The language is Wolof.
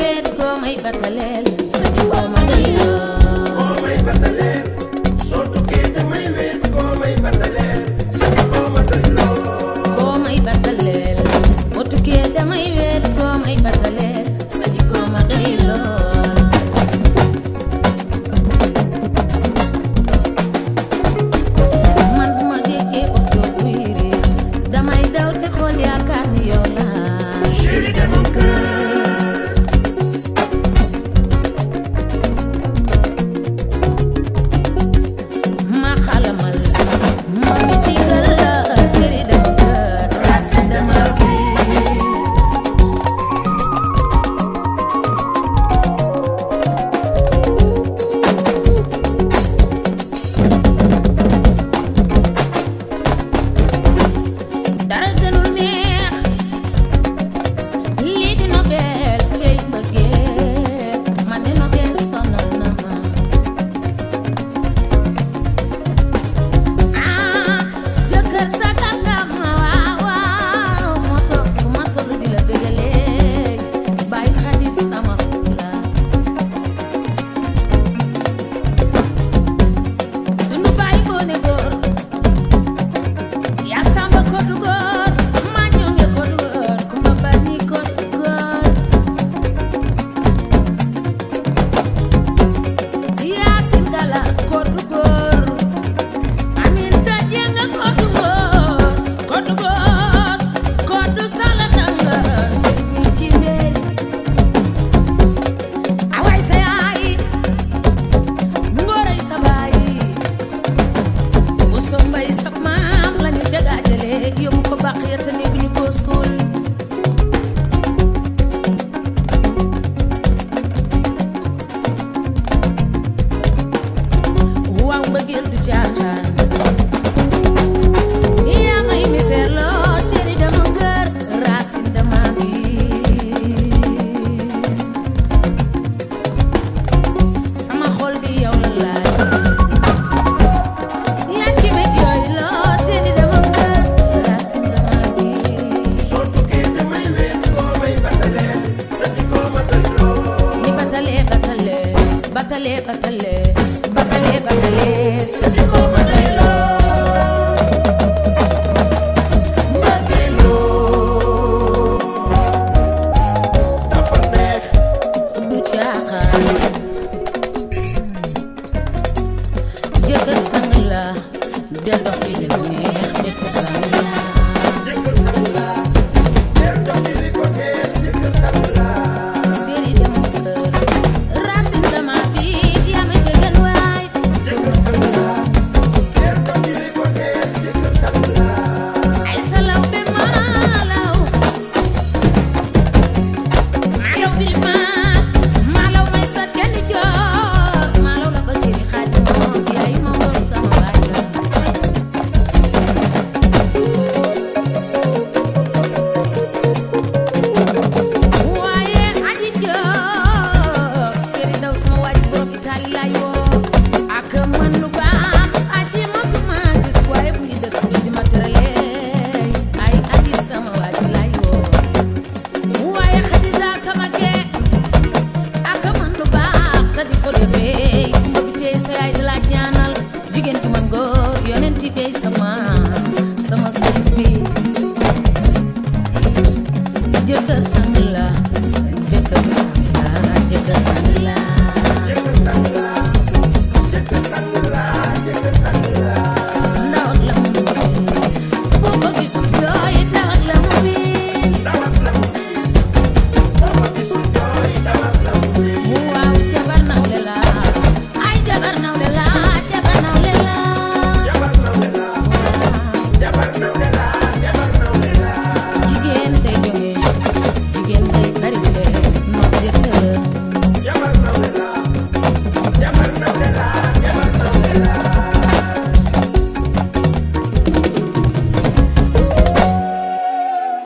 wéet koo may bataleel sëñ Tuubaa ma doy may bataleel soo tukkee damay wéet koo may bataleel sëñ Tuubaa ma doy may bataleel boo tukkee damay wéet may I a new ibn Qusul bakale bakale bakale bakale sadiko madelo madelo dafa neex du caaxaan jëkkër sang la del dox ci lu neex di ko sang jëkkër sang la jëkkër sang la jëkkër sang la